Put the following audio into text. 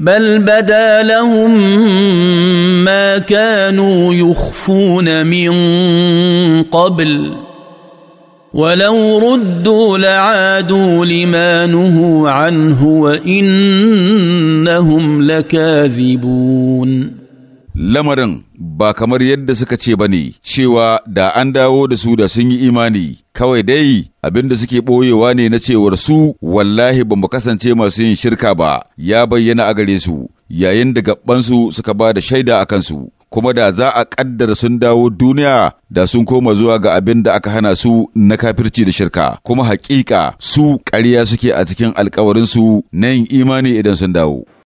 بل بدا لهم ما كانوا يخفون من قبل ولو ردوا لعادوا لما نهوا عنه وانهم لكاذبون lamarin ba kamar yadda suka ce ba ne, cewa da an dawo da su da sun yi imani, kawai dai abin da suke ɓoyewa ne na cewar su wallahi ba mu kasance masu yin shirka ba, ya bayyana a gare su, yayin da gabansu suka ba da shaida a kansu. Kuma da za a ƙaddara sun dawo duniya da sun koma zuwa ga abin da aka hana su na kafirci da shirka, kuma hakika su ƙarya suke a cikin alkawarinsu na yin imani idan sun dawo.